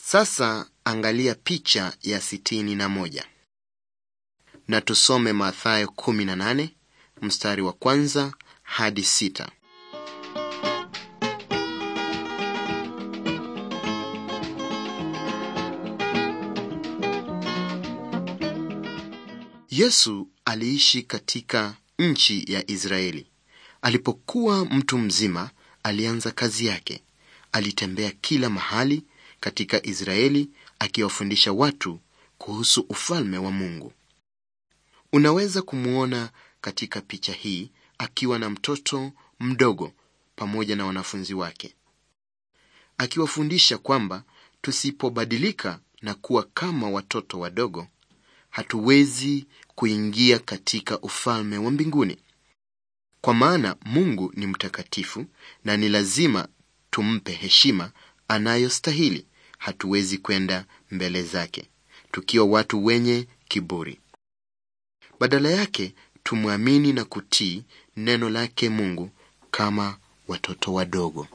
Sasa angalia picha ya sitini na moja na tusome Mathayo 18 mstari wa kwanza hadi sita. Yesu aliishi katika nchi ya Israeli. Alipokuwa mtu mzima, alianza kazi yake. Alitembea kila mahali katika Israeli akiwafundisha watu kuhusu ufalme wa Mungu. Unaweza kumwona katika picha hii akiwa na mtoto mdogo pamoja na wanafunzi wake akiwafundisha kwamba tusipobadilika na kuwa kama watoto wadogo hatuwezi kuingia katika ufalme wa mbinguni, kwa maana Mungu ni mtakatifu na ni lazima tumpe heshima anayostahili hatuwezi kwenda mbele zake tukiwa watu wenye kiburi. Badala yake tumwamini na kutii neno lake Mungu kama watoto wadogo.